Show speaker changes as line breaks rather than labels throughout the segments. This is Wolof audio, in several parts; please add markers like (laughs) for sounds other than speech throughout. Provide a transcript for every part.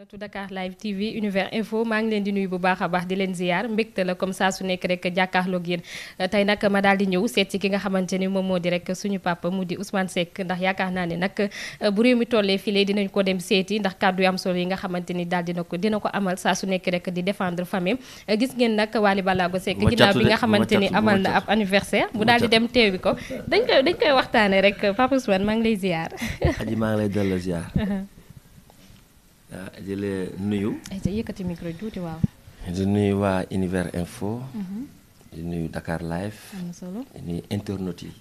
internetu Dakar Live TV Univers maa ngi leen di nuyu bu baax a baax di leen ziyaar mbégte la comme saa su nekk rek jàkkaarloog yéen euh, tey nag ma daal di ñëw seet ki nga xamante ni moom moo di suñu papa mu di Ousmane Seck ndax yaakaar naa ne nag euh, bu réew mi tollee file dinañ ko dem seeti ndax kàddu yu am solo yi nga xamante ni daal dina ko dina ko amal saa su nekk rek di defendre famille euh, gis ngeen nag Waly Ballago Seck ginnaaw bi nga xamante ni amal na ab anniversaire mu daal di dem bi ko dañ koy dañ koy waxtaane rek papa Ousmane maa ngi lay ziyaar
aji maa ngi lay dellu ziyaar (laughs) di euh, la nuyu.
Eh, yëkkati micro tuuti waaw.
di nuyu waa Univers Info. di mhm. nuyu dakaar Live. solo di nuyu internautes yi.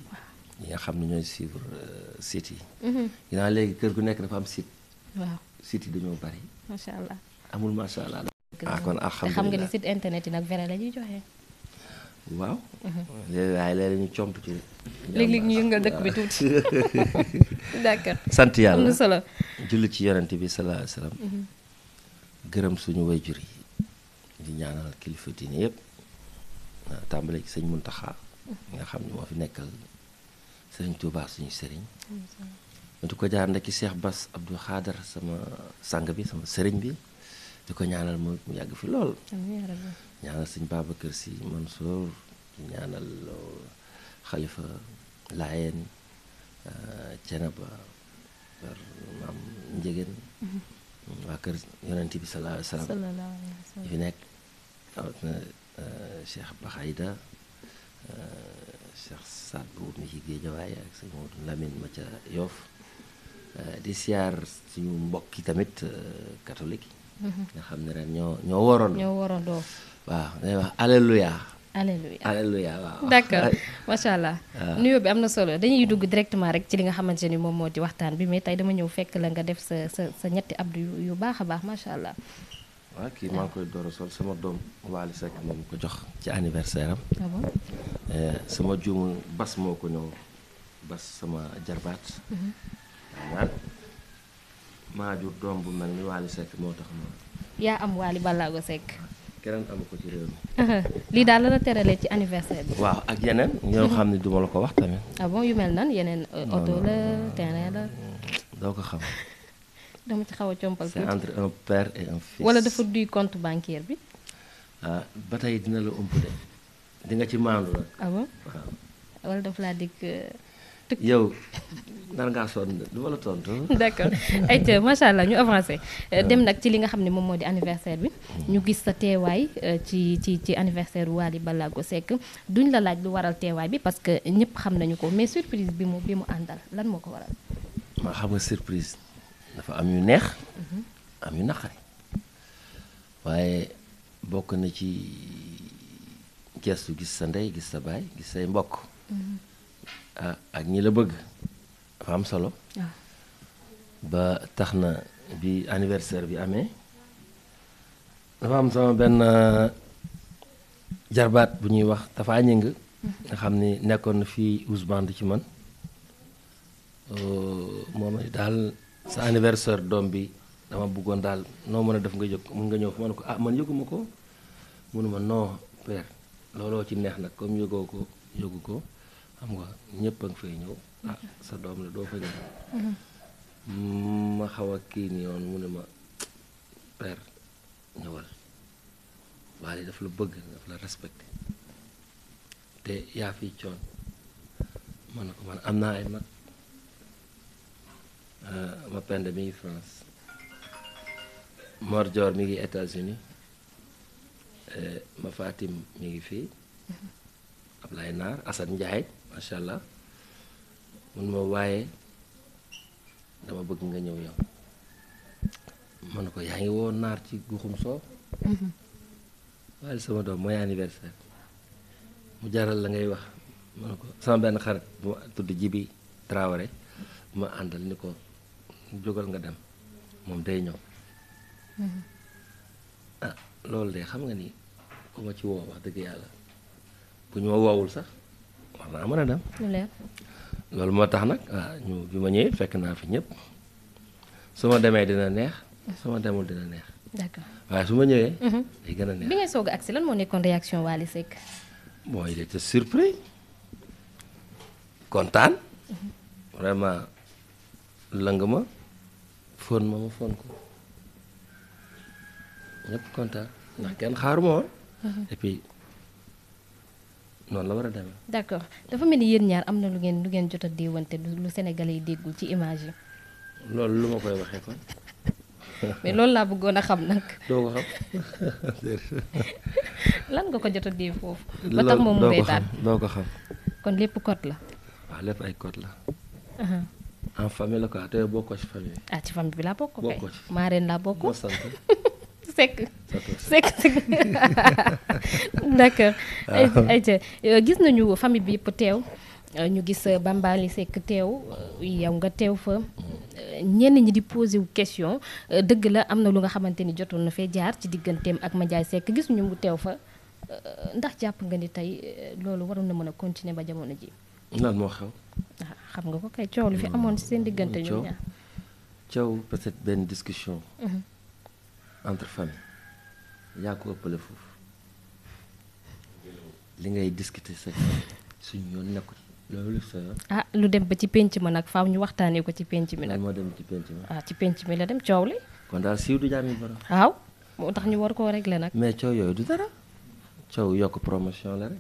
ñi nga xam ne ñooy suivre euh, site yi. Mhm. ginnaaw léegi kër gu nekk dafa am site. waaw site yi dañoo bari.
macha
allah
amul macha allah. ah kon nga ni
site internet yi nag vrai la ñuy joxe.
waaw. Mhm. léegi waaye léegi comp ci. léeg-léeg ñu yëngal dëkk bi tuuti. (laughs) d'accord (laughs) sant yàlla julli ci yonent bi sallallahu alayhi wasallam mhm. gërëm suñu wayjur yi di ñaanal kilifa diine yëpp waaw tàmbale ci sëñ Muntaxa nga xam ne moo fi nekkal sëriñ Tuubaa suñu sëriñ
mhm.
di ko jaar ndekki Cheikh Bass Abdou Khader sama sang bi sama sëriñ bi di ko ñaanal mu yàgg fi lool ñaanal sëñ Babacar Si Mansour ñaanal xalifa Laayeen ah, Ceneba kër maam Njëgeen. Mm-hmm. waa kër yonent bi sallallahu alayhi wa sallam. fi nekk rawatina euh, Cheikh Baxayda euh, Cheikh Saad Bou mi ci Géejawaay ak sëñ Modou Lamine ma ca Yoff euh, di siyaar suñu mbokk yi tamit catholique. Mm-hmm. nga xam ne ren ñoo ñoo waroon. ñoo waroon waaw day wax alléluia. alléluia alléluia waaw. d' accord allah. Ah. nuyoo
bi am na solo dañuy dugg directement rek ci li nga xamante ni moom moo di waxtaan bi mais tey dama ñëw fekk la nga def sa sa sa ñetti abdu yu baax a baax macha allah.
waaw kii maa koy door sol sama doom Waly Seck moom ko jox ci anniversaire am. Ah eh, sama juumu ko ñëw sama jarbaat. waaw mhm. doom bu mel ni Waly Seck moo tax ma.
yaa am Waly Ballago Seck.
keneen amu ko ci réew mi.
(laughs) lii daal la la teralee ci anniversaire bi. waaw
ak yeneen. ñoo mhm. xam ne du la ko wax tamit.
ah bon yu mel nan yeneen. Euh, oto la terrain la. doo ko xam. (laughs) dama ci xaw a compal tuuti
c'est wala dafa
duy compte bancaire bi.
Ah, ba tey dina la ëmp de di ci maandu la. ah bon
waaw. laa dikk. Euh,
yow nar ngaa sonn du la tontu. d' accord
ñu avancé dem nag ci li nga xam ne moom moo di anniversaire bi mm. ñu gis sa teewaay euh, ci ci ci anniversaire Wally ko Seck duñ la laaj lu waral teewaay bi parce que ñëpp xam nañu ko mais surprise bi mu bi mu àndal lan moo ko waral.
maa xam surprise dafa am yu neex. Mhm. am yu naqari waaye bokk na ci gestu gis sa ndey gis sa baay gis say mbokk. Mhm. ak ñi la bëgg dafa am solo ah. ba tax na bi anniversaire bi amee dafa am sama benn euh, jarbaat bu ñuy wax dafa ñëng nga xam ni nekkoon na fii ousband ci man euh, moom daal sa anniversaire doom bi dama buggoon daal noo mën a def nga jóg mun nga ñëw fa ma ne ko ah man yëguma ko munuma non père looloo ci neex nag comme yëgoo ko yëgu ko xam nga ñëpp a ngi ñëw ah sa doom la doo fa ñëw mhm. ma xaw a kii nii yoon mu ne ma père ñëwal Wally daf la bëgg daf la respecté te yaa fi coon ma na ko man am naa ay mag euh, ma pende mi France Mor Dior mi ngi États-Unis euh, ma Fatim mi ngi fii mhm. Ablaye Naar Assane njaay macha allah mun ma waaye dama bëgg nga ñëw yow man ko yaa ngi woo naar ci guxum soo mhm. waaye mu jaral la ngay wax man ko sama benn xarit tudd Jibi Traoré ma àndal ni ko jógal nga dem moom day ñëw mhm. ah loolu de xam nga ni ku ma ci woo wax dëgg yàlla bu ñu ma woowul sax war naa mën a dem. loolu moo tax nag waaw ah, ñu bi ma ñëwee fekk naa fi ñëpp su demee dina neex su ma demul dina neex. waaye su ma ñëwee. Mhm. day gën a neex bi
ngay soog a agsi lan moo nekkoon réaction Wally Seck.
bon il était surpris kontaan. Mhm. vraiment lëng ma fóon ma ma fóon ko ñëpp kontaan ndax kenn xaaruma woon mhm. noonu la war a demee.
d' accord dafa mel ni yéen ñaar am na lu ngeen lu ngeen jot a déewante lu Sénégalais yi déggul ci image yi.
loolu lu ma koy waxee kon. (laughs) mais
loolu laa bëggoon a xam
nag. doo ko xam. (laughs)
lan nga ko jot a dee foofu. ba tax moom mu reetaan doo ko xam kon lépp code la.
waaw lépp ay code la. en famille la quoi te bokkoo ci famille.
ah ci famille bi laa bokk kay bokkoo ci maa reen laa bokk. sekk sekk sekk
d'accord ayca
ah. euh, gis nañu famille bi yëpp teew euh, ñu gis euh, Bambaly Seck teew yow nga teew fa ñenn ñi di posé wu question dëgg la am na lu nga xamante ni jotoon na fee jaar ci digganteem ak Mandiaye Seck gis ñu mu teew fa ndax jàpp nga ni tey loolu waroon na mën a continuer ba jamono ji. lan moo xew. Ah, xam nga ko kay coow lu fi
amoon ci seen diggante ñoom ñaar. coow peut benn discussion. Mhm. entre famille yaa ko ëppale foofu li ngay discuter sa suñu yoon nekku loolu sa
ah lu dem ba ci penc ma nag faaw ñu waxtaanee ko ci penc mi nag
moo dem ci penc mi
ah ci penc mi la dem coow li
kon daal siiw du jaami
moo tax ñu war koo régler nag
mais yooyu du dara coow yokk promotion la rek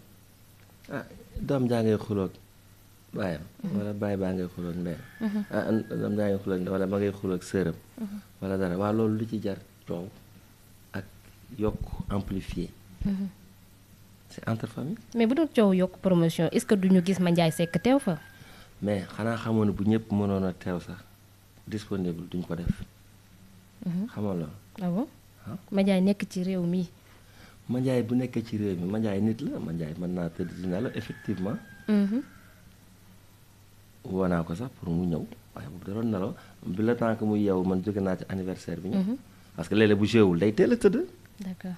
ah doom jaa ngay xuloog baayam mhm. wala baay baa ngay xuloog ndeyam mhm. ah doom jaa ngay xuloog wala ma ngay xuloog sëram mhm. wala dara waa loolu lu ci jar coow ak yokk amplifié. Mm-hmm. c'est entre famille.
mais bu doon coow yokk promotion est-ce que duñu gis Mandiaye sekk teew fa.
mais xanaa xamoon bu ñëpp mënoon a teew sax disponible duñ ko def. Mm-hmm. xamal
loolu. ah bon ah. nekk ci réew mi.
Mandiaye bu nekkee ci réew mi Mandiaye nit la Mandiaye man naa tëdd dina la effectivement. Mm-hmm. woo naa ko sax pour mu ñëw waaye boobu da nelaw bi la tànk mu yeewu man jóge naa ci anniversaire bi ñëw. parce que léeg-léeg bu joué wul day teel a tëdd. d'accord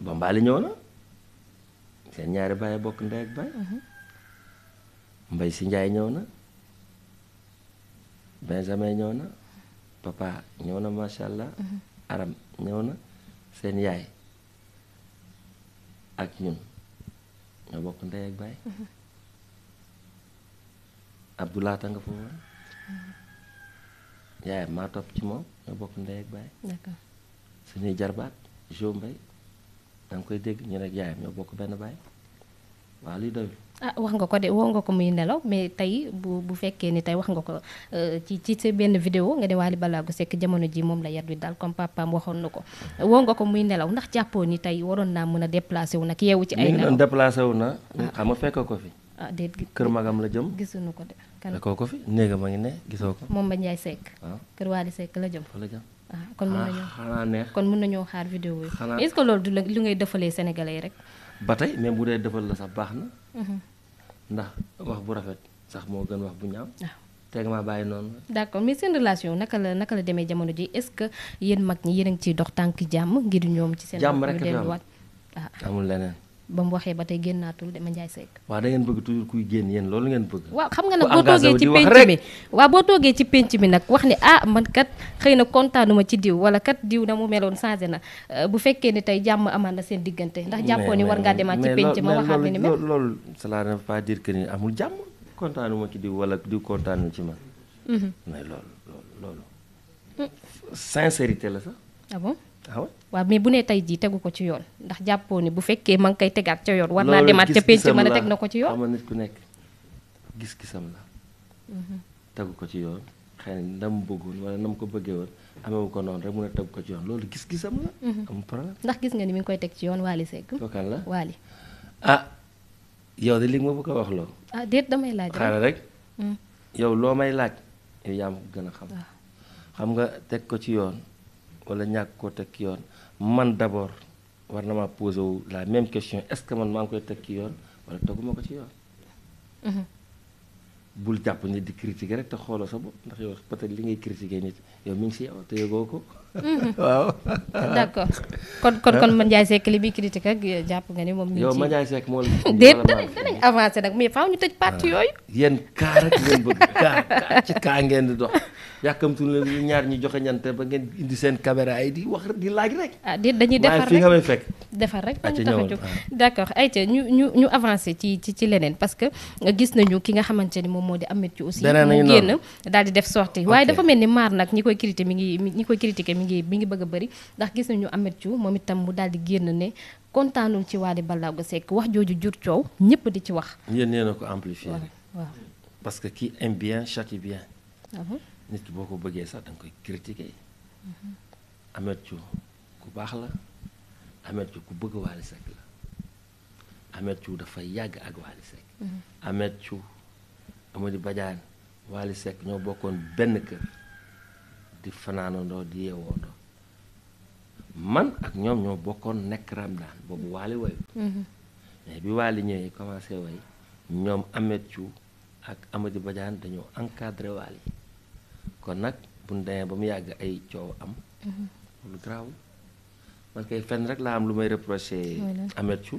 ñëw na seen ñaari baay bokk ndey ak baay. Mhm. Mbay si Njaay ñëw na Benjamin ñëw na papa ñëw na macha allah. Mhm. Aram ñëw na seen yaay ak ñun ñoo bokk ndey ak baay. Mhm. Abdoulaye ta nga fa woon. yaayam maa topp ci moom ñoo bokk ndey ak baay. d'accord suñuy jarbaat Jo Mbaye koy dégg ñu ne yaayam ñoo bokk benn baay waaw luy doyul.
ah wax nga ko de woo nga ko muy nelaw mais tey bu bu fekkee ni tey wax nga ko euh, ci ci sa benn vidéo nga ne Wally Ballago sekk jamono ji moom la yar wi daal comme papaam waxoon na ko woo nga ko muy nelaw ndax jàppoo ni tey waroon naa mën a déplacé wu nag yeewu ci ay nelaw mi ngi doon
déplacé na ah. xam nga fekk ko fi.
ah déet kër jëm gisuñu ko kan kooku fi
néega ma ngi ne gisoo ko.
moom ba Ndiaye Seck. waaw ah. kër Waly Seck la jëm. la jëm ah kon mën ah, nañoo xanaa neex xaar vidéo yi. xanaa loolu du la lu ngay defalee sénégalais yi rek.
ba tey même bu dee defal la sax baax na. Mhm. ndax wax bu rafet sax moo gën wax bu ñaaw. Ah. teg ma bàyyi noonu.
d'accord mais seen relation naka la naka la demee jamono ji est-ce que yéen mag ñi yéen a ngi ciy dox tànk jàmm ngir ñoom. ci seen jàmm rek amul leneen. ba mu waxee ba tey génnaatul dama njaay sekk.
waaw da ngeen bëgg toujours kuy génn yéen loolu ngeen bëgg. waaw
xam nga nag boo toogee ci penc mi waaw ci penc mi nag wax ni ah man kat xëy na kontaanuma ci diw wala kat diw na mu meloon changé na euh, bu fekkee ni tey jàmm amaan seen diggante ndax jàppoo ni war ngaa demaat ci
penc ma waxaat ni mel loolu cela ne veut pas dire que ni amul jàmm kontaanuma ci diw wala diw kontaanu ci ma mhm. mais loolu loolu loolu la sax ah Ah
waaw mais bu ne tey jii tegu ko ci yoon ndax jàppoo ne bu fekkee ma ngi koy tegaat ca yoon war naa demaat ca penc mën a teg na ko ci xam
nga ku nekk gis-gisam la mhm. tegu ko ci yoon xëy na ndam bëggoon wala nam ko bëggee woon amewu ko noonu rek mun a tegu ko ci yoon loolu gis-gisam la mhm.
ndax gis nga ni mi ngi koy teg ci yoon Waly Seck kookan la Waly
ah yow de li nga ma bëgg a wax loo
ah déet damay laaj xaaral
rek mhm. yow loo may laaj yow yaa ma ko gën a xam ah. xam nga teg ko ci yoon wala ñàkk koo teg ki yoon man d'abord war na maa posé wu la même question est-ce que man maa ngi koy teg ki yoon wala teguma ko ci yoon. Mhm. bul jàpp nit di critiquer rek te xooloo sa bopp ndax yow peut-être li ngay critiquer nit yow mi ngi si yow te yëgoo ko. Mhm. (laughs) waaw. d'accord kon kon kon (laughs)
Mandiaye Seck li muy critiquer ak jàpp nga ni moom. ñu ngi ci yow Mandiaye
Seck moo la. (laughs) déet
avancé nag mais faaw ñu tëj parti yooyu.
yéen kaa rek ngeen bëgg ci kaa ngeen di dox. yàkkamtu leen ñaar ñi joxe ñante ba ngeen indi seen caméra yi di
wax di laaj rek. ah dañuy defar rek fi nga may fekk. defar rek dañu tax a jóg d'accord ayca ñu ñu avancé ci ci ci leneen parce que euh, gis nañu ki nga xamante ni moom moo di amet ci aussi. mu génn daal di def sortie waaye dafa mel ni maar nag ñi koy critiquer mi ngi ñi koy critiquer mi ngi mi ngi bëgg a bëri ndax gis nañu amet ci moom itam mu daal di génn ne. kontaanul ci Wally Ballago Seck wax jooju jur coow ñëpp di ci wax.
yéen nee na ko amplifier. parce que qui aime bien châtie bien. Uh-huh. nit ki boo ko bëggee sax da nga koy critiquer
mm-hmm.
Ameth Thiou ku baax la Ameth Thiou ku bëgg Wally Seck la Ameth Thiou dafa yàgg ak Wally Seck mm-hmm. Ameth Thiou Amady ñoo bokkoon benn kër di fanaanandoo di yeewoondoo man ak ñoom ñoo bokkoon nekk Ramadaan boobu Wally wayu mm-hmm. mais bi Wally ñëwee commencé way ñoom Ameth Thiou ak Amady Badiane dañoo encadré Wally kon nag buñ demee ba mu yàgg ay coow am mm-hmm. lu garaaw man kay fenn rek laa am lu may reproché Ameth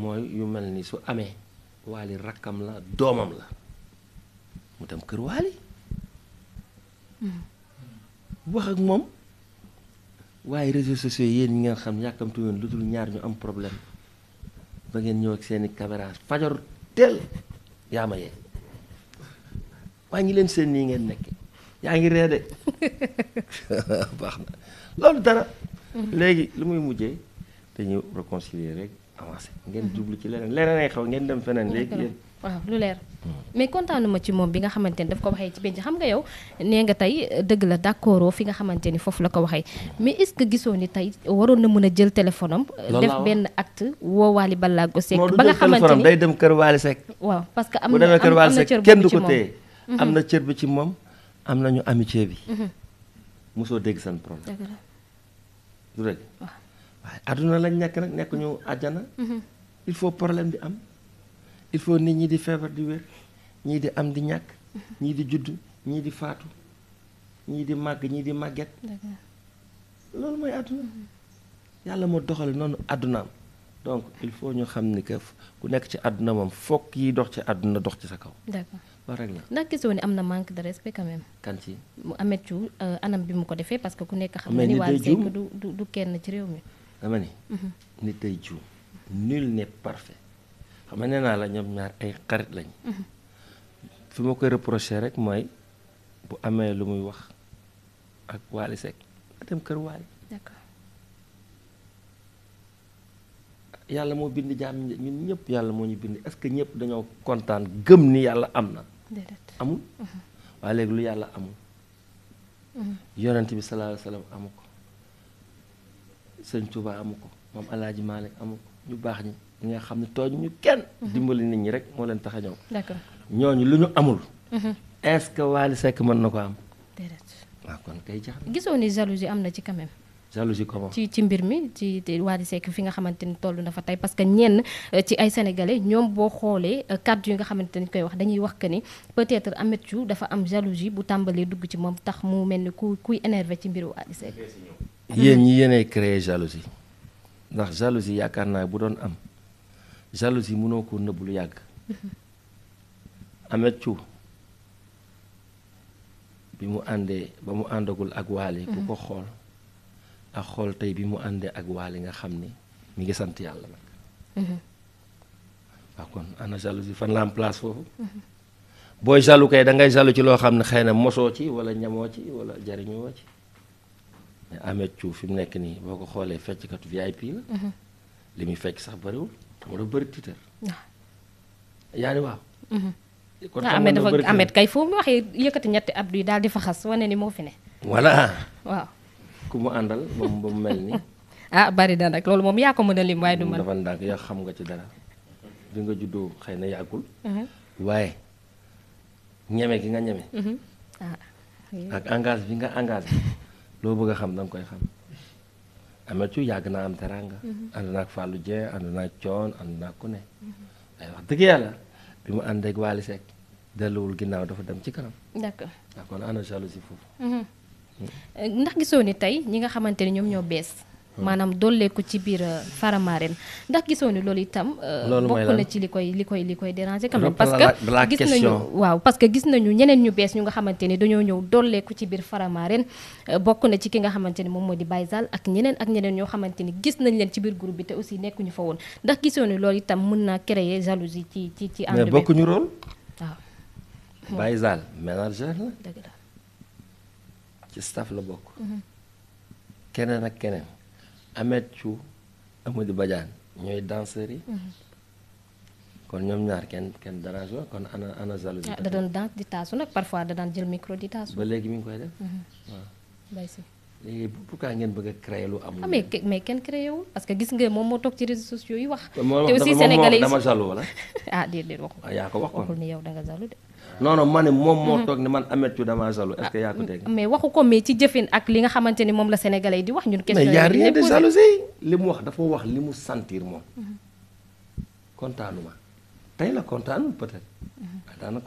mooy yu mel ni su amee waali rakkam la doomam la mu dem kër waali mm-hmm. wax ak moom waaye réseaux sociaux yéen yi nga xam yàkkamtu woon lu dul ñaar ñu am problème ba ngeen ñëw ak seeni caméra fajar teel yaa ma yee waa ñi leen seen nii ngeen nekkee yaa ngi ree de (laughs) baax na loolu dara. Mm-hmm. léegi lu muy mujjee dañuy réconcilier rek avancé ngeen mm-hmm. jublu ci leneen leneen ay xaw ngeen dem feneen léegi yéen.
waaw lu leer mm. mais kontaanuma ci moom bi nga xamante ni daf ko waxee ci benn xam nga yow nee nga tey dëgg la d'accord fi nga xamante ni foofu la ko waxee mais est-ce que gisoo ni tey waroon na mën a jël téléphone am. def benn acte woo Waly Ballago ba nga xamante ni day
dem kër Waly Seck.
waaw parce que am na am mm-hmm. cër bu ci moom am na
cër bi ci moom. am nañu amitié bi. Mhm. mosoo dégg seen problème. du rek
waaye
àdduna lañ nekk nag nekk ñu àjjana. Mhm. il faut problème di am il faut nit ñi di feebar di wér ñii di am di ñàkk. Mhm. ñii di judd ñii di faatu ñii di màgg ñii di màgget. loolu mooy àdduna yàlla moo doxale noonu àddunaam donc il faut ñu xam ni que ku nekk ci àdduna moom fokk yi dox ci àdduna dox ci sa kaw. loolu rek
ndax gisoo ni am na manque de respect quand même. kan ci mu Ameth Thiou euh, anam bi mu ko defee parce que ku nekk xam na ni Wally du kenn ci réew mi.
dama ni. Mhm. nit tey jiw nul n'est parfait xam nga naa la ñoom ñaar ay xarit lañ mhm. fi ma koy reproché rek mooy bu amee lu muy wax ak Wally Seck nga dem kër Wally. yàlla moo bind jaam ñun ñëpp yàlla moo ñu bind est-ce que ñëpp dañoo kontaan gëm ni yàlla am na. amul mm-hmm. waaye léegi lu yàlla amul mm-hmm. yonent bi sallallahu alayhi wa sallam amu ko sëñ Tuuba amu ko moom alaaji Maalik amu ko ñu baax ñi ñi nga xam ne tooñ ñu kenn mm-hmm. dimbali nit ñi rek moo leen tax a ñëw ñooñu lu ñu amul est-ce que mën na ko am waaw ah, kon kay jax
gisoo ni yi am na ci quand
jalousie comment ci
ci mbir mi ci Wally Seck fi nga xamante ni toll na fa tey parce que ñenn euh, ci ay sénégalais ñoom boo xoolee euh, kàddu yi nga xamante ni koy wax dañuy wax que ni peut-être Ameth dafa am jalousie bu tàmbalee dugg ci moom tax mu mel ni ku kuy énervé ci mbiru Wally Seck
yéen ñi yéenay créer jalousie ndax jalousie yaakaar naa bu doon am jalousie mënoo ko nëbb lu yàgg
(laughs)
Ameth Thiou bi mu àndee ba mu àndakul ak Wally ku mm-hmm. ko xool ak xool tey bi mu àndee ak li nga xam ni mi ngi sant yàlla nag mhm. waaw kon ana jalousie fan la am place foofu mhm. booy jaloux kay da ngay ci loo xam ne xëy na mosoo ci wala ñamoo ci wala jariñoo ci mais Ameth Thiou fi mu nekk nii boo ko xoolee fecckatu VIP la mhm. li muy fecc sax bëriwul xam nga bëri tiitër ah. yaa ni waaw kon ah, Ameth dafa Ameth
kay foo mu waxee yëkkati ñetti abdu yi daal di fa xas wane ni moo fi ne
voilà waaw ku mu àndal ba mu ba mu mel ni
(laughs) ah bari na loolu moom yaa ko mën a lim waaye du man dafa
ndànk yaa xam nga ci dara bi nga juddoo xëy na yàggul uh-huh. waaye ñeme gi nga ñeme
uh-huh. ah, ak engage
bi nga engage (laughs) loo bëgg a xam danga koy xam Ameth yàgg naa am teranga uh-huh. ànd naa ak Fallou Dieng ànd naa ak Thione ànd naa ku ne ay wax dëgg yàlla bi mu ànd ak Wally Seck delluwul dafa dem ci kanam d'accord ah, kon ana jalousie foofu
ndax gisoo ni tey ñi nga xamante ni ñoom ñoo bees. Hmm. maanaam dolleeku ci biir euh, Faramaren ndax gisoo ni loolu itam. Euh, bokk na ci li koy li koy li koy déranger. quand même parce que gis nañu waaw parce que gis nañu ñeneen ñu bees ñu nga xamante ni dañoo ñëw dolleeku ci biir Faramaren euh, bokk na ci ki nga xamante ni moom moo di Baye ak ñeneen ak ñeneen ñoo xamante ni gis nañ leen ci biir groupe bi te aussi nekkuñu fa woon ndax gisoo ni loolu itam mën naa créer jalousie ci ci ci. ànd bi mais bokkuñu rôle. waaw ah.
Baye Sall manager la. ci staff la bokk. keneen ak keneen. Ameth Thiou Amady Badiane ñooy danseurs yi. kon ñoom ñaar kenn kenn dérangé la kon ana ana jalousie. Ah, da doon
danse di taasu nag parfois da daan jël micro di taasu. ba
léegi mi ngi koy def. Mhm. waaw bay ngeen bëgg a créer lu amul. Ah, mais
mais kenn créé parce que gis nga moom moo toog ci réseaux sociaux yi wax. te aussi
sénégalais yi dama jaloux wala.
(laughs) ah déedéet waxul. Ah, yaa ko wax waxul ni yow da nga de.
noonu non ma moom moo mhm. toog ne man Ameth Thiou dama jaloux est-ce que ko dégg
mais waxu ko mais ci jëfin ak li nga xamante ni moom la sénégalais yi di wax
ñun question mais y
li mu wax dafa wax li mu sentir moom mhm. kontaanuma la kontaanul peut-être mhm. ah,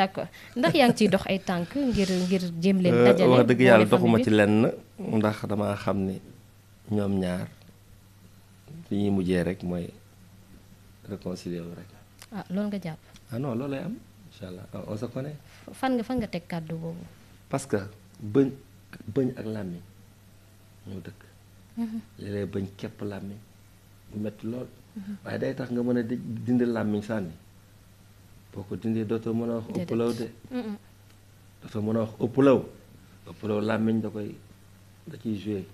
ah ndax yaa ngi ciy dox ay tànk ngir ngir jéem leen. Euh, dajale wax dëgg yàlla doxuma ci lenn. ndax
damaa xam ne ñoom ñaar fi ñuy mujjee rek mooy réconcilier wu rek.
ah loolu nga jàpp.
ah non loolu lay am incha allah ah, on
fan nga fan nga teg kàddu
parce que bëñ ak làmmiñ ñoo dëkk. li mhm. lay bëñ képp làmmiñ bu metti lool. Mhm. waaye day tax nga mën a dindi làmmiñ sànni boo ko dindee dootoo mën a wax ëpp law de. Mhm. dootoo mën a wax ëpp law ëpp law làmmiñ da koy da ciy joué.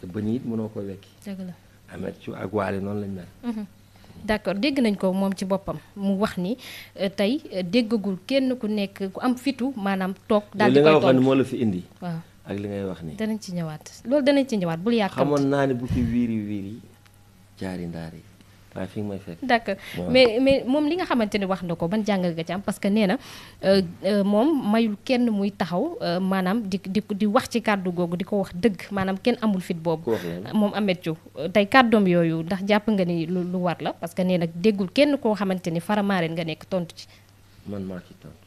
te bëñ it mënoo ko wekki. dëgg la amet ci ak waale noonu lañ mel.
d'accord dégg nañ ko moom ci boppam mu wax ni euh, tey euh, déggagul kenn ku nekk ku am fitu maanaam toog. daal di koy toog moo la fi indi. waa
ak li ngay wax ni
danañ ci ñëwaat loolu danañ ci ñëwaat bul yàkkamti. xamoon
naa ne bu fi wiiri wiiri jaari ndaari. waaw fii mooy fekk d' mais
mais moom li nga xamante ne wax na ko ban jàngal nga ci am parce que nee na euh, euh, moom mayul kenn muy taxaw euh, maanaam di di di wax ci kàddu googu di ko wax dëgg maanaam kenn amul fit boobu. moom Ameth Diouf tey kàddoom yooyu ndax jàpp nga ni lu war la parce que nee na déggul kenn koo xamante ni faramaareen nga nekk tontu ci.
man maa ci tontu.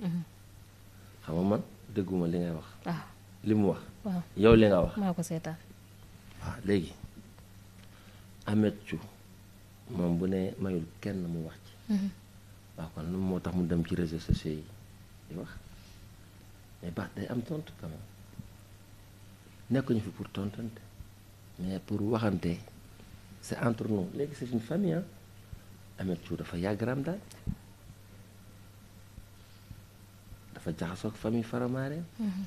Mhm. xam man dégguma li ngay wax. waaw ah. li mu wax. waaw yow li nga wax. maa ko seetaan. waaw léegi Ameth Diouf moom bu ne mayul kenn mu wax ci mhm. waaw kon lu moo tax mu dem ci réseaux sociaux yi di wax mais baax day am tontu quand même nekkuñu fi pour tontante mais pour waxante c'est entre nous léegi c'est une famille ah Ameth dafa yàgg Ramdan dafa jaxasoo ak famille Faramareen mhm.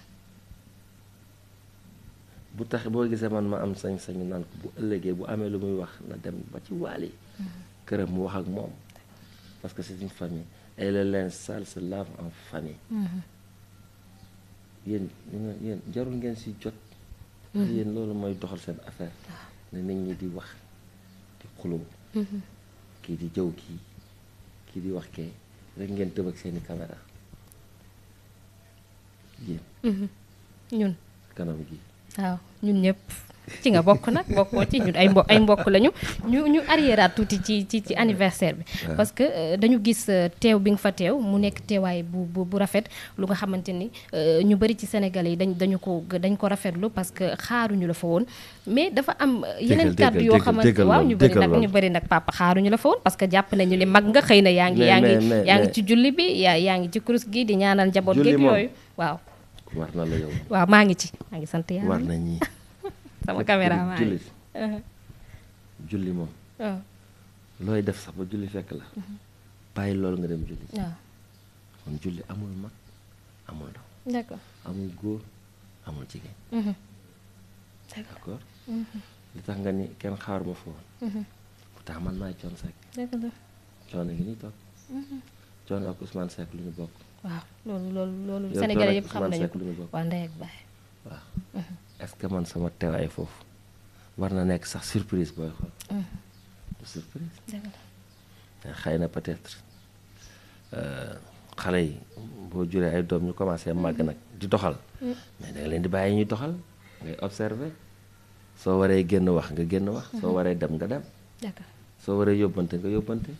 bu tax boo gisee man ma am sañ sañ naan ko bu ëllëgee bu amee lu muy wax na dem ba ci waal yi këram mu wax ak moom parce que c'est une famille et le linge sale se lave en famille mm-hmm. yéen yéen jarul ngeen si jot mm-hmm. yéen loolu mooy doxal seen affaire ah. ne nit ñi di wax di xuloo mm-hmm. kii di jëw kii kii di wax kee rek ngeen tëb seeni caméra
yéen ñun kanam gi waaw ñun ñëpp ci nga bokk nag bokkoo ci ñun ay mbo ay mbokk lañu ñu ñu arriéraat tuuti ci ci ci anniversaire bi. Ah. parce que euh, dañu gis euh, teew bi nga fa teew mu nekk teewaay bu rafet lu nga xamante ni euh, ñu bëri ci Sénégal yi dañ dañu ko dañ ko rafetlu parce que xaaruñu la fa woon. mais dafa am yeneen kàddu yoo xamante waaw ñu bëri nag ñu bëri nag papa xaaruñu la fa woon parce que jàpp nañu ne mag nga xëy na yaa ngi yaa ngi ngi ci julli bi yaa yaa ngi ci kurus gi di ñaanal njaboot gi yooyu waaw. waaw maa ngi ci maa ngi sant yàlla war na
sama caméraman julli julli moom oh. looy def sax ba julli fekk la mhm. bàyyi loolu nga dem julli ah. kon julli amul mag amul ndaw d'accord amul góor amul jigéen mhm. d'accord mhm. li tax nga ni kenn xaaruma foofu pourtant man maay Thione Seck Thione ngi nii ak Ousmane Seck lu ñu bokk
waaw loolu loolu loolu Sénégalais yëpp xam nañu ko waaw ndey ak baay
waaw est-ce que man sama teewaay foofu war na nekk sax surprise booy xool. Mm-hmm. Eh, na peut-être euh, xale yi boo juree ay doom ñu commencé màgg mm-hmm. nag di doxal. Mm. mais da leen di bàyyi ñuy doxal ngay observer soo waree génn wax nga génn wax. Mm-hmm. soo waree dem nga dem. soo waree yóbbante nga yóbbante.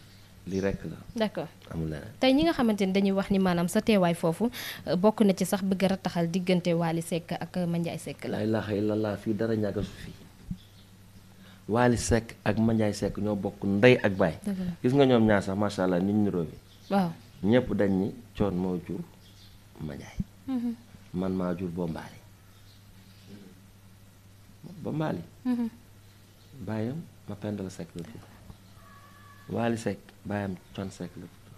li rek la. d'accord amul leneen.
tey ñi nga xamante ne dañuy wax ni maanaam sa teewaay foofu euh, bokk na ci sax bëgg a taxal diggante Waly sekk ak Mandiaye sekk la. laa
ilaaha illallaah fii dara ñàkk su fi Waly Seck ak Mandiaye sekk ñoo bokk ndey ak baay. gis nga ñoom ñaar sax macha allah nit ñu niroo bi. waaw ñëpp dañ ni coon moo jur Mandiaye. Mm-hmm. man maa jur Bombali. Bombali. Mm-hmm. bàyyam ma Penda la Seck la Waly Seck baayam Thione Seck la tudd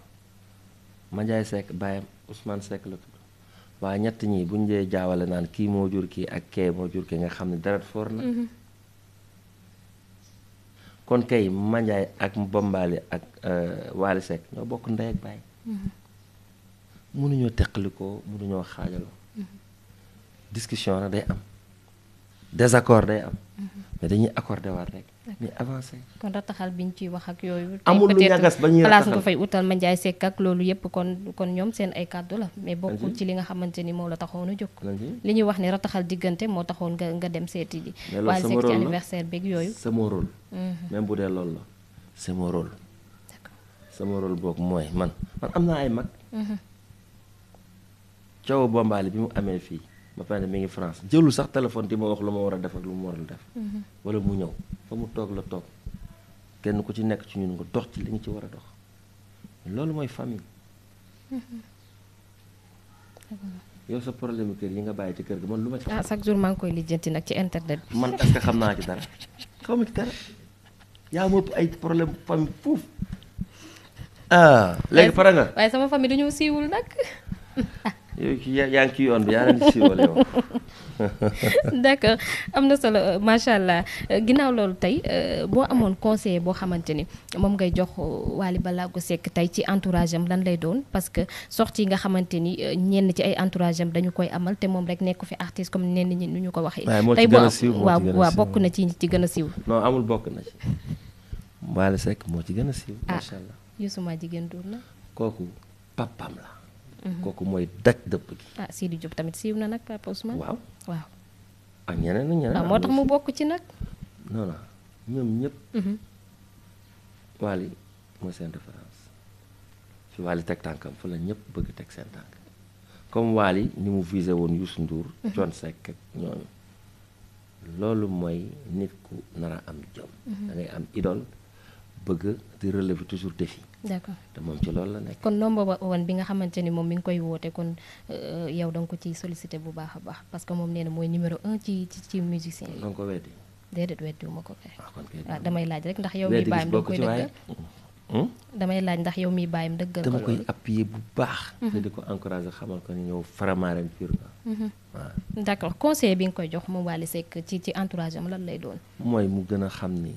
Mandiaye Seck baayam Ousmane Seck la tudd ñett ñi buñ dee jaawale naan kii moo jur kii ak kee moo jur kii nga xam ne deret foor na mhm. kon kay Mandiaye ak Bombali ak euh, Waly Seck ñoo bokk ndey ak baay mënuñoo mhm. teqalikoo mënuñoo xaajaloo mhm. discussion nag day am désaccord day am mais dañuy accordé waat rek ñu avancé.
kon rataxal biñ ciy wax ak yooyu. amul lu ñagas ba ñuy rataxal place nga fay utal ma njaay sekk ak loolu yëpp kon ñoom seen ay kàddu la. mais bokkul ci li nga xamante ni moo la taxoon a jóg. li ñuy wax ne rataxal diggante moo taxoon nga nga dem seeti ji. waaye sekk ci anniversaire beeg yooyu.
sama rôle mhm. même bu dee loolu la sama rôle. sama rôle boobu mooy man man am naa ay mag. Mhm. coow bombaali bi mu amee fii. ba pare mi ngi France jëlul sax téléphone di ma wax lu ma war a def ak lu mu warul def. Mhm. wala mu ñëw fa mu toog la toog kenn ku ci nekk ci ñun nga dox ci li nga ci war a dox loolu mooy famille.
Mhm.
yow sa problème kër yi nga bàyyi ci kër gi man lu ma ci. ah
chaque jour maa ngi koy lijjanti nag ci internet man est-ce que xam naa ci dara xaw
ma ci dara yaa ma ay problème famille foofu ah, léegi pare
waaye sama famille dañoo siiwul nag.
(laughs) yaa ngi ci yoon bi yaa leen di siiwal yow. (laughs)
d'accord am na solo euh, macha allah euh, ginnaaw loolu tey euh, boo amoon conseiller boo xamante ni moom ngay jox Wally ko sekk tey ci entourage am lan lay doon parce que sortie yi nga xamante ni ñenn ci ay entourage dañu koy amal te moom rek nekk fi artiste comme ñenn ñi nu ñu ko waxee. tey boo waaw waaw bokk na ci ci gën a siiw.
non amul bokk na ci. Wally Seck moo ci gën a siiw. Ah, macha allah ah
Youssou Madjiguène Ndour la.
kooku papam la. Mhm. kooku mooy daj dëpp gi.
ah Sidi Diop tamit siiw na nag papa Ousmane. waaw waaw.
ak ah, ñeneen ñeneen. waaw ah, moo tax mu bokk ci nag. non non ñoom ñëpp. Mhm. Wally mooy seen référence fi Wally teg tànkam fa la ñëpp bëgg teg seen tànk comme Wally ni mu visé woon Youssou Ndour. Thione mhm. ñooñu. loolu mooy nit ku nar am jom. da am idole. bëgg di relever toujours défi. d'accord te moom ci loolu la nekk.
kon nomba woon bi nga xamante ni moom mi ngi koy woote kon euh, yow da nga ko ciy sollicité bu baax a baax parce moom nee mooy numéro un ci ci musicien yi. da nga ko weddi. déedéet weddiwuma ko kay. waaw ah, ah, damay laaj rek ndax yow. weddi gis bokk ci hmm? koy
appuyer bu baax. Mhm. te di ko encourager xamal ko ni ñëw faramaaren pur mhm. waaw
d'accord conseil bi nga koy jox mu Wally Seck ci ci lan lay doon.
mooy mu gën a xam ni.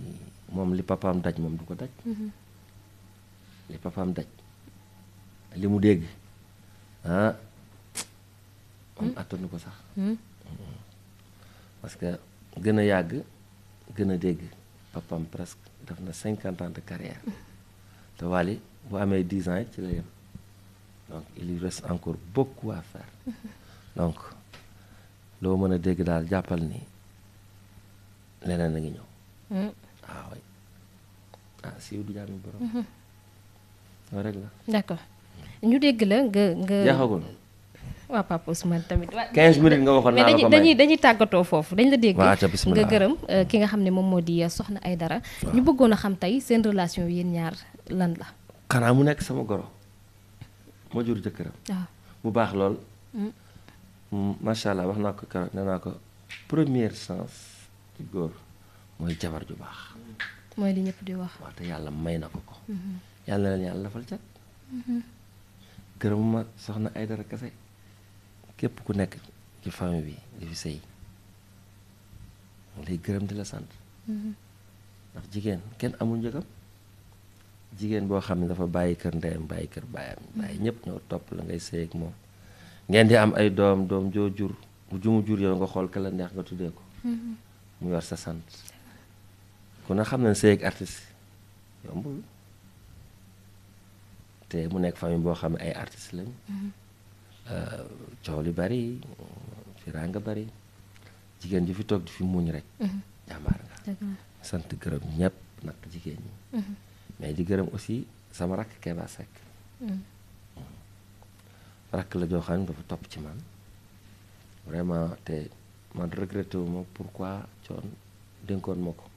moom li papam daj moom du ko daj. Mhm. li papaam daj li mu dégg ah. moom attanu ko sax.
Hmm? Hmm.
parce que gën a yàgg gën a dégg papaam presque def na cinquante ans carrière te Wally bu amee dix ans it ci la yem donc il lui reste encore beaucoup à (laughs) donc loo mën a dégg daal jàppal ni leneen a ngi ñëw. Hmm. waaw ah siiw du jaami borom. Mhm. loolu rek la.
d'accord ñu dégg la nga nga. jaaxagul. waaw Papa Ousmane tamit.
15 nga waxoon naa la ko dañuy
tàggatoo foofu dañ la dégg. nga gërëm euh, ki nga xam ne moom moo di euh, soxna ay dara. ñu bëggoon a xam tey seen relation yéen ñaar lan la.
xanaa mu nekk sama goro moo jur jëkkëram. waaw ah. mu baax lool. Mm. macha allah wax naa ko keroog nee naa ko première chance ci góor. mooy jabar ju baax.
mooy di ñëpp di wax. waaw
te yàlla may na ko ko. Mm-hmm. yàlla na leen yàlla defal cat. Mm-hmm. gërëmuma ay dara kese képp ku nekk ci famille bi di fi sëy gërëm di sant. Mm-hmm. ndax jigéen kenn amul njëgam jigéen boo xam ne dafa bàyyi kër bàyyi kër baayam bàyyi topp la ngay sëy moom ngeen di am ay doom doom jur mu jumu jur yow nga neex nga tuddee ko. mu yor sa sant. ku ne xam na sëy ak artiste yombul te mu nekk famille boo xam ne ay artiste lañ mm-hmm. euh, coow li bari firanga bari jigéen ji fi toog di fi muñ rek mm-hmm. jàmbaar nga sant gërëm ñëpp nag jigéen ñi mm-hmm. mais di gërëm aussi sama rakk Keba Seck rakk la joo xam ne topp ci man vraiment te man regretté wu ma pourquoi coon dénkoon ma ko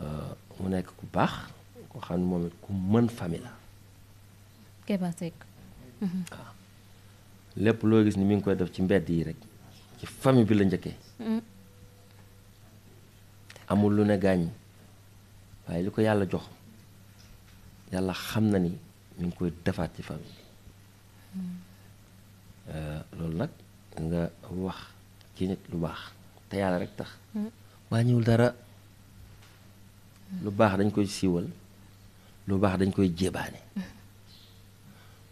Euh, mu nekk ku baax ko xam ne moom it ku mën famille la.
Keba Seck. Mhm.
lépp loo gis ni mi ngi koy def ci mbedd yi rek ci famille bi la njëkkee. Mhm. amul lu ne gaañ waaye li ko yàlla jox yàlla xam na ni mi ngi koy defaat ci famille mhm. euh, loolu nag nga wax ci nit lu baax te yàlla rek tax. wàññiwul dara. lu baax dañ koy siiwal lu baax dañ koy jébaane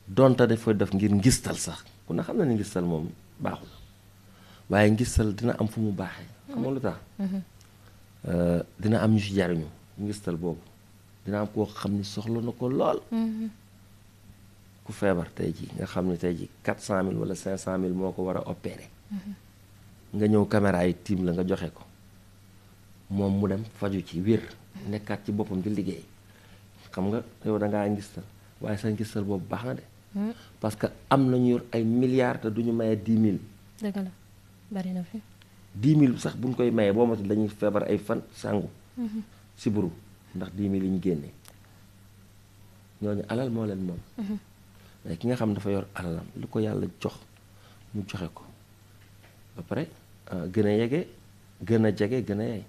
donte dafa def ngir ngistal sax ku ne xam na ne ngistal moom baaxul waaye ngistal dina am fu mu baaxee xam lu tax mm-hmm. dina am ñu ci jariñu ngistal boobu dina am koo xam ni soxla na ko lool mm-hmm. ku feebar tey ji nga xam ne tey ji quatre cent mille wala cinq cent mille moo ko war a opéré mm-hmm. nga ñëw caméra yi tiim la nga joxe ko moom mu dem faju ci wér nekkaat ci boppam di liggéey xam nga yow da ngaa ngistal waaye sa ngistal boobu baax na de. Hmm. parce que am nañu yor ay milliards te du ñu maye dix mille.
dëgg la bari
sax bu ñu koy maye boo motul dañuy feebar ay fan sangu. Hmm. siburu ndax dix mille yi ñu génnee ñooñu alal moo leen moom. mais hmm. ki nga xam dafa yor alalam lu ko yàlla jox mu joxe ko ba pare ah, gën a yege gën a jege gën a yey.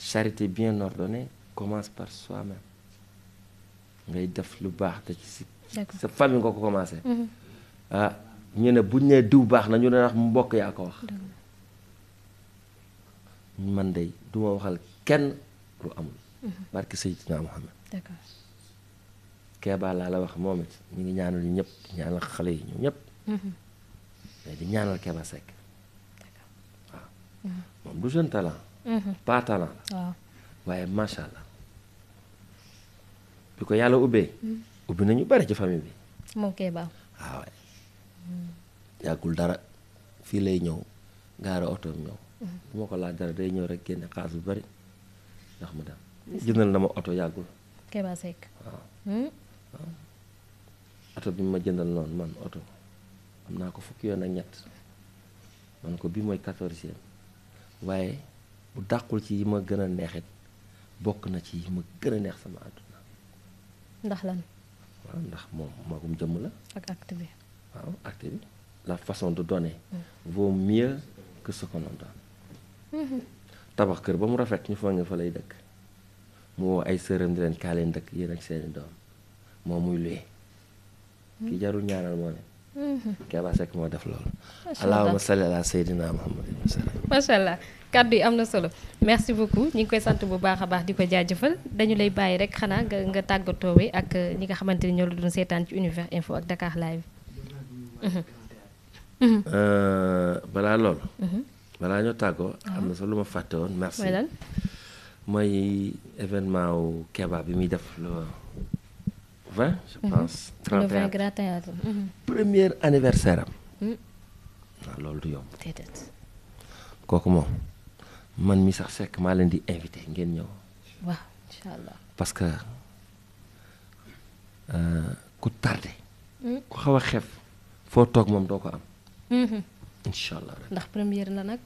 charité bien ordonnée commence par soi-même ngay def lu baax te ci sa famille nga ko commencé mhm. ah ñu ne buñ nee diw baax na ñu ne wax mbokk yaa ko wax man de duma waxal kenn lu amul mhm. barke Seydina Muhammad keebaa laa la wax moom it ñu ngi ñaanal ñu ñëpp ñaanal xale yi ñu ñëpp mhm. mais moom du jeune talent Mhm. pas talent la waaye macha allah bi ko yàlla ubbee mhm. ubbi nañu bari ci famille bi
moom kay baax ah, waaw mhm.
yàggul dara fii lay ñëw gaara otoom ñëw bu ko laaj dara day ñëw rek génne xaalis bu bari ndax mu dem jëndal na ma oto yàggul
Keba Seck hmm?
waaw oto bi ma jëndal noonu man oto am naa ko fukk yoon ak ñett man ko bii mooy quatorzième waaye bu dàqul ci yi ma gën a neexit bokk na ci yi ma gën a neex sama àdduna ndax lan waaw ndax moom magum jëmm la ak acte bi waaw acte bi la façon du donner mm. vaut mieux que ce qu'on en
mm-hmm.
tabax kër ba mu rafet ñu foog ne fa lay dëkk mu woo ay sëram di leen kaa leen dëkk yéen ak seeni doom moom muy luye ki mm. jarul ñaanal moo ne Keba Seck moo def loolu. macha allah allahumma salli ala sayyidina Muhammadin wa sallam.
macha allah kàddu yi am na solo merci beaucoup ñu ngi koy sant bu baax a baax di ko jaajëfal dañu lay bàyyi rek xanaa nga nga tàggatoowee ak uh, ñi nga xamante ni ñoo la doon seetaan ci univers info ak Dakar live.
Mhm. Euh, balaa loolu. Mhm. balaa ñoo tàggoo ah. am na sax lu ma fàtte woon. merci mooy événement wu bi muy def 20 je mhm. pense. 31
31 mhm.
premier anniversaire am.
waaw mhm.
ah, loolu du yomb. kooku moom man mi sax sekk maa leen di invité ngeen ñëw.
waaw incha allah.
parce que euh, ku tardé. ku xaw a xef foo toog moom doo ko am. incha allah
ndax première la nag.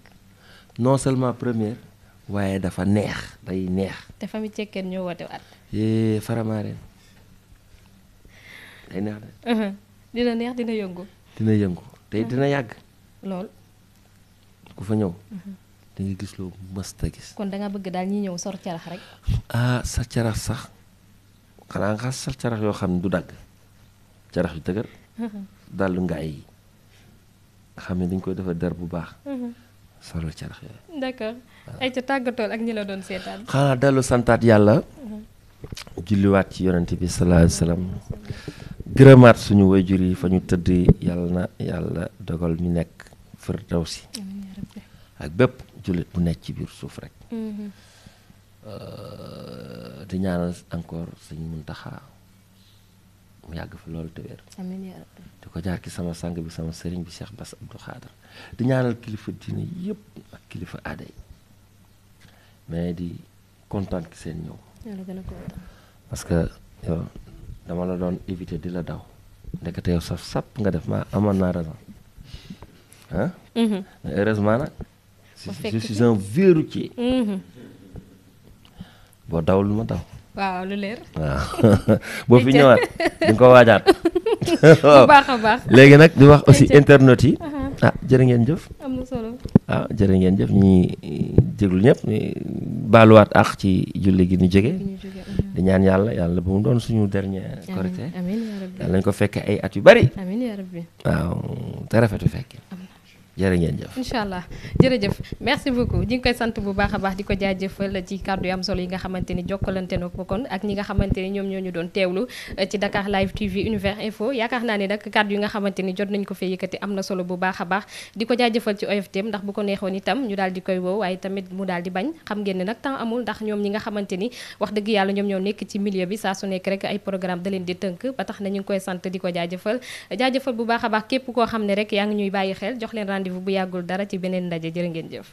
non seulement première. waaye dafa neex day neex.
te famille cekkeen ñëw woote waat.
Eh, Faramareen. neex de.
Uh-huh. dina neex dina yëngu.
dina yëngu te uh-huh. dina yàgg. lool. ku fa ñëw. Uh-huh. da nga gis loo mësta gis.
kon da bëgg daal ñi ñëw sor carax
rek.
ah sa carax sax xanaa nga sa carax yoo xam ne du dagg carax yu dëgër. dàllu ngaay nga xam ne dañ koy defar der bu baax. solal carax yooyu.
d'accord ay ca tàggatool ak ñi la doon seetaan. xanaa
dellu santaat yàlla. julliwaat ci yonent bi sallallahu alayhi wa sallam suñu wayjur yi fa ñu tëdd yàlla na yàlla dogal ñu nekk firdawsi ak bépp jullit bu nekk ci biir suuf rek mm-hmm. euh, di ñaanal encore sëñ Muntaxa mu yàgg fi loolu te
di
ko jaar ki sama sang bi sama sëriñ bi seex Bass Abdou Khadre di ñaanal kilifa diine yëpp ak kilifa aada yi mais di kontaan ki seen ñëw parce que yow dama la doon éviter di la daw ndekete yow saf sàpp nga def ma amoon naa raison ah. heureusement nag. je suis un vieux
mm-hmm.
boo daw lu ma daw.
waaw lu leer.
(laughs) boo fi ñëwaat di ko waajaat. (laughs) bu baax a baax léegi nag di wax aussi internet yi. Uh-huh. ah jërë ngeen jëf. am solo. ah jërë ngeen jëf ñi déglu ñëpp baluwaat ak ci julli gi ñu jóge mm-hmm. di ñaan yàlla yàlla bu mu doon suñu dernier. Korité amiin amiin yàlla nañ ko fekk ay at yu bari. amiin yaa rabbi waaw fekk. jërë ngeen
allah jërëjëf merci beaucoup ñu ngi koy sant bu baax a baax di ko jaajëfal ci kàddu yi am solo yi nga xamante ni jokkalante na ko kon ak ñi nga xamante ni ñoom ñoo ñu doon teewlu ci Dakar Live TV Univers Info yaakaar naa ne nag kàddu yi nga xamante ni jot nañ ko fee yëkkati am na solo bu baax a baax di ko jaajëfal ci OFTM ndax bu ko neexoon itam ñu daal di koy woo waaye tamit mu daal di bañ xam ngeen ne nag temps amul ndax ñoom ñi nga xamante ni wax dëgg yàlla ñoom ñoo nekk ci milieu bi saa su nekk rek ay programme da leen di tënk tax na ñu ngi koy sant di ko jaajëfal jaajëfal bu baax a képp koo xam ne rek yaa ngi ñuy bàyyi xel jox leen rendez-vous bu yàggul dara ci beneen ndaje jërë ngeen jëf